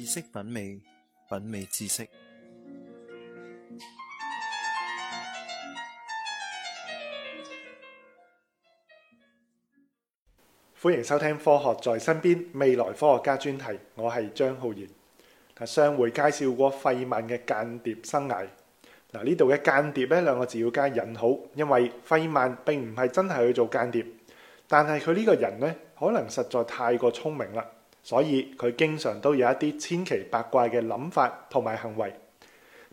知識品味，品味知識。歡迎收聽《科學在身邊》未來科學家專題，我係張浩然。嗱，上回介紹過費曼嘅間諜生涯。嗱，呢度嘅間諜呢兩個字要加引號，因為費曼並唔係真係去做間諜，但係佢呢個人呢可能實在太過聰明啦。所以佢經常都有一啲千奇百怪嘅諗法同埋行為，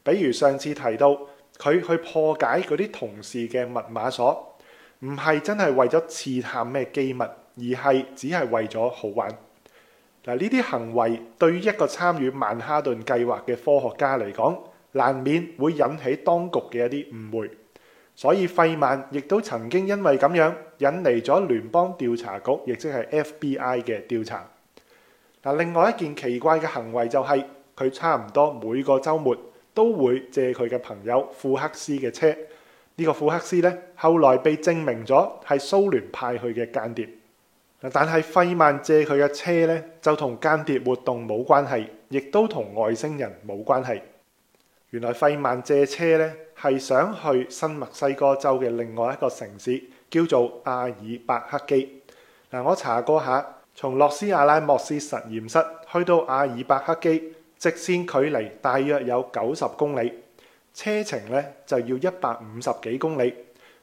比如上次提到佢去破解嗰啲同事嘅密碼鎖，唔係真係為咗刺探咩機密，而係只係為咗好玩嗱。呢啲行為對於一個參與曼哈頓計劃嘅科學家嚟講，難免會引起當局嘅一啲誤會，所以費曼亦都曾經因為咁樣引嚟咗聯邦調查局，亦即係 FBI 嘅調查。嗱，另外一件奇怪嘅行為就係、是、佢差唔多每個週末都會借佢嘅朋友富克斯嘅車。呢、這個富克斯呢，後來被證明咗係蘇聯派去嘅間諜。但係費曼借佢嘅車呢，就同間諜活動冇關係，亦都同外星人冇關係。原來費曼借車呢，係想去新墨西哥州嘅另外一個城市叫做阿爾伯克基。嗱，我查過下。從洛斯阿拉莫斯實驗室去到阿爾伯克基，直線距離大約有九十公里，車程咧就要一百五十幾公里，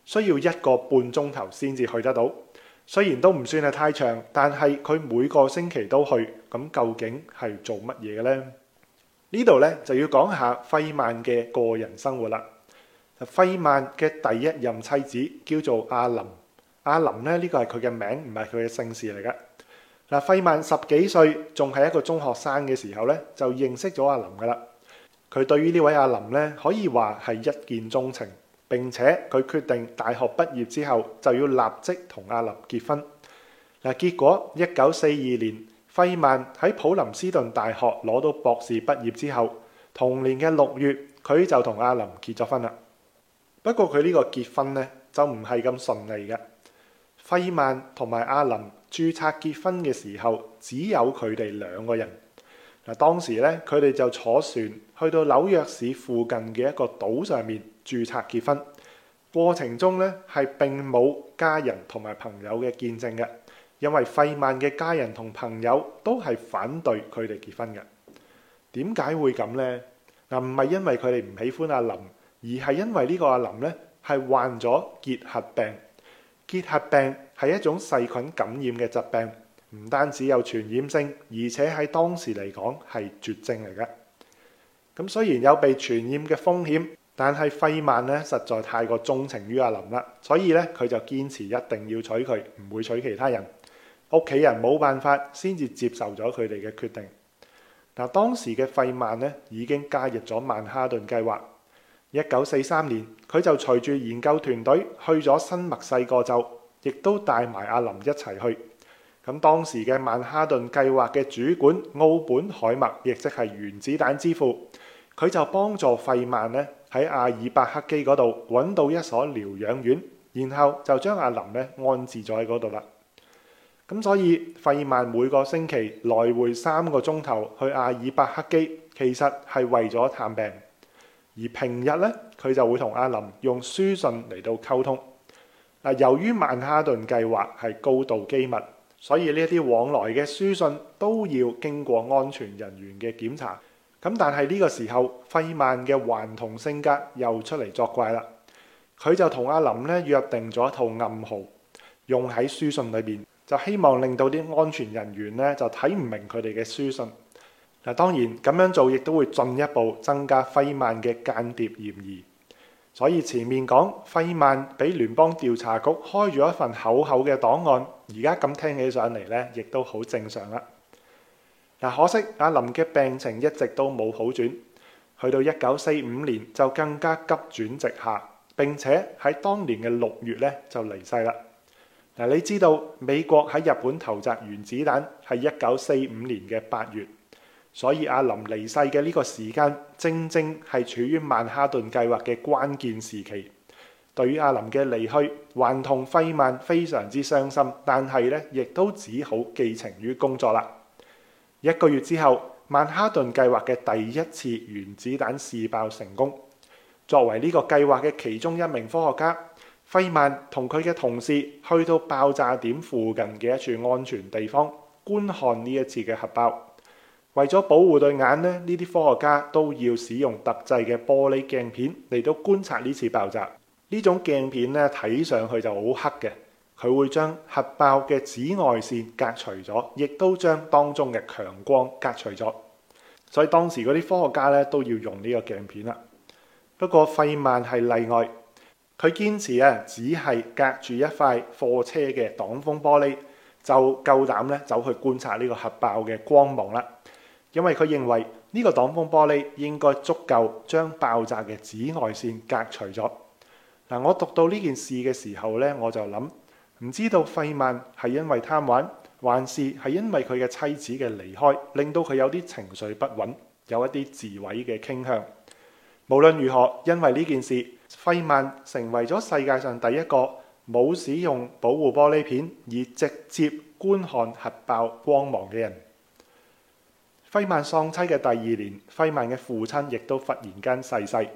需要一個半鐘頭先至去得到。雖然都唔算係太長，但係佢每個星期都去，咁究竟係做乜嘢嘅咧？呢度咧就要講下費曼嘅個人生活啦。費曼嘅第一任妻子叫做阿林，阿林咧呢個係佢嘅名，唔係佢嘅姓氏嚟嘅。嗱，費曼十幾歲仲係一個中學生嘅時候咧，就認識咗阿林㗎喇。佢對於呢位阿林咧，可以話係一見鍾情。並且佢決定大學畢業之後就要立即同阿林結婚。嗱，結果一九四二年，費曼喺普林斯頓大學攞到博士畢業之後，同年嘅六月，佢就同阿林結咗婚啦。不過佢呢個結婚咧就唔係咁順利嘅。費曼同埋阿林，註冊結婚嘅時候只有佢哋兩個人。嗱，當時咧，佢哋就坐船去到紐約市附近嘅一個島上面註冊結婚。過程中咧，係並冇家人同埋朋友嘅見證嘅，因為費曼嘅家人同朋友都係反對佢哋結婚嘅。點解會咁呢？嗱，唔係因為佢哋唔喜歡阿林，而係因為呢個阿林咧係患咗結核病。結核病係一種細菌感染嘅疾病，唔單止有傳染性，而且喺當時嚟講係絕症嚟嘅。咁雖然有被傳染嘅風險，但係費曼咧實在太過鍾情於阿林啦，所以咧佢就堅持一定要娶佢，唔會娶其他人。屋企人冇辦法，先至接受咗佢哋嘅決定。嗱，當時嘅費曼咧已經加入咗曼哈頓計劃。一九四三年，佢就隨住研究團隊去咗新墨西哥州，亦都帶埋阿林一齊去。咁當時嘅曼哈頓計劃嘅主管奧本海默，亦即係原子彈之父，佢就幫助費曼呢喺阿爾伯克基嗰度揾到一所療養院，然後就將阿林呢安置咗喺嗰度啦。咁所以費曼每個星期來回三個鐘頭去阿爾伯克基，其實係為咗探病。而平日咧，佢就會同阿林用書信嚟到溝通。嗱，由於曼哈頓計劃係高度機密，所以呢一啲往來嘅書信都要經過安全人員嘅檢查。咁但係呢個時候，費曼嘅頑童性格又出嚟作怪啦。佢就同阿林咧約定咗一套暗號，用喺書信裏邊，就希望令到啲安全人員咧就睇唔明佢哋嘅書信。嗱，當然咁樣做亦都會進一步增加費曼嘅間諜嫌疑，所以前面講費曼俾聯邦調查局開咗一份厚厚嘅檔案，而家咁聽起上嚟咧，亦都好正常啦。嗱，可惜阿林嘅病情一直都冇好轉，去到一九四五年就更加急轉直下，並且喺當年嘅六月咧就離世啦。嗱，你知道美國喺日本投擲原子彈係一九四五年嘅八月。所以阿林離世嘅呢個時間，正正係處於曼哈頓計劃嘅關鍵時期。對於阿林嘅離去，頑童費曼非常之傷心，但係咧，亦都只好寄情於工作啦。一個月之後，曼哈頓計劃嘅第一次原子彈試爆成功。作為呢個計劃嘅其中一名科學家，費曼同佢嘅同事去到爆炸點附近嘅一處安全地方，觀看呢一次嘅核爆。為咗保護對眼咧，呢啲科學家都要使用特製嘅玻璃鏡片嚟到觀察呢次爆炸。呢種鏡片咧，睇上去就好黑嘅，佢會將核爆嘅紫外線隔除咗，亦都將當中嘅強光隔除咗。所以當時嗰啲科學家咧都要用呢個鏡片啦。不過費曼係例外，佢堅持啊，只係隔住一塊貨車嘅擋風玻璃就夠膽咧走去觀察呢個核爆嘅光芒啦。因為佢認為呢個擋風玻璃應該足夠將爆炸嘅紫外線隔除咗。嗱，我讀到呢件事嘅時候呢，我就諗唔知道費曼係因為貪玩，還是係因為佢嘅妻子嘅離開令到佢有啲情緒不穩，有一啲自毀嘅傾向。無論如何，因為呢件事，費曼成為咗世界上第一個冇使用保護玻璃片而直接觀看核爆光芒嘅人。費曼喪妻嘅第二年，費曼嘅父親亦都忽然間逝世。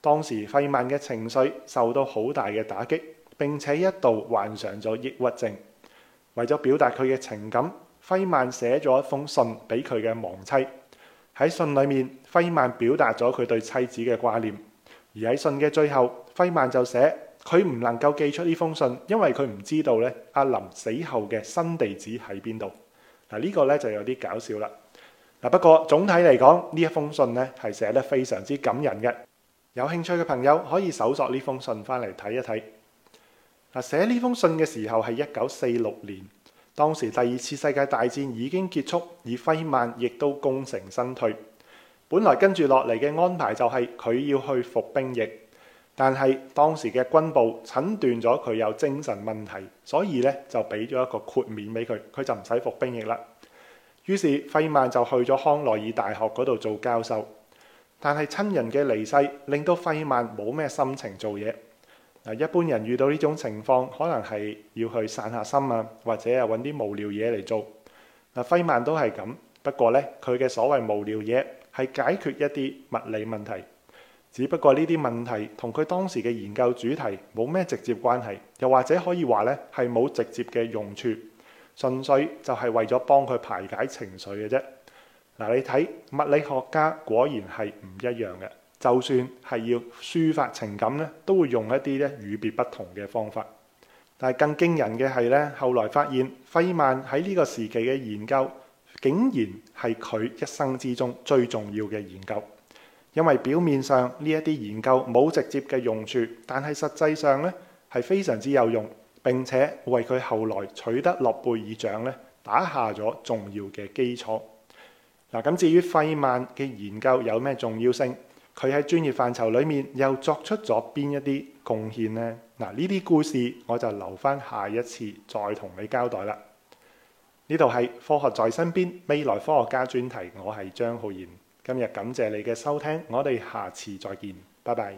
當時費曼嘅情緒受到好大嘅打擊，並且一度患上咗抑鬱症。為咗表達佢嘅情感，費曼寫咗一封信俾佢嘅亡妻。喺信裏面，費曼表達咗佢對妻子嘅掛念。而喺信嘅最後，費曼就寫佢唔能夠寄出呢封信，因為佢唔知道咧阿林死後嘅新地址喺邊度。嗱，呢個咧就有啲搞笑啦。嗱，不過總體嚟講，呢一封信咧係寫得非常之感人嘅。有興趣嘅朋友可以搜索呢封信翻嚟睇一睇。嗱，寫呢封信嘅時候係一九四六年，當時第二次世界大戰已經結束，而費曼亦都功成身退。本來跟住落嚟嘅安排就係佢要去服兵役，但係當時嘅軍部診斷咗佢有精神問題，所以呢就俾咗一個豁免俾佢，佢就唔使服兵役啦。於是費曼就去咗康奈爾大學嗰度做教授，但係親人嘅離世令到費曼冇咩心情做嘢。啊，一般人遇到呢種情況，可能係要去散下心啊，或者係揾啲無聊嘢嚟做。啊，費曼都係咁，不過呢，佢嘅所謂無聊嘢係解決一啲物理問題，只不過呢啲問題同佢當時嘅研究主題冇咩直接關係，又或者可以話呢，係冇直接嘅用處。純粹就係為咗幫佢排解情緒嘅啫。嗱，你睇物理學家果然係唔一樣嘅。就算係要抒發情感咧，都會用一啲咧與別不同嘅方法。但係更驚人嘅係咧，後來發現，費曼喺呢個時期嘅研究，竟然係佢一生之中最重要嘅研究。因為表面上呢一啲研究冇直接嘅用處，但係實際上咧係非常之有用。並且為佢後來取得諾貝爾獎咧打下咗重要嘅基礎。嗱，咁至於費曼嘅研究有咩重要性，佢喺專業範疇裏面又作出咗邊一啲貢獻呢？嗱，呢啲故事我就留翻下一次再同你交代啦。呢度係科學在身邊未來科學家專題，我係張浩然。今日感謝你嘅收聽，我哋下次再見，拜拜。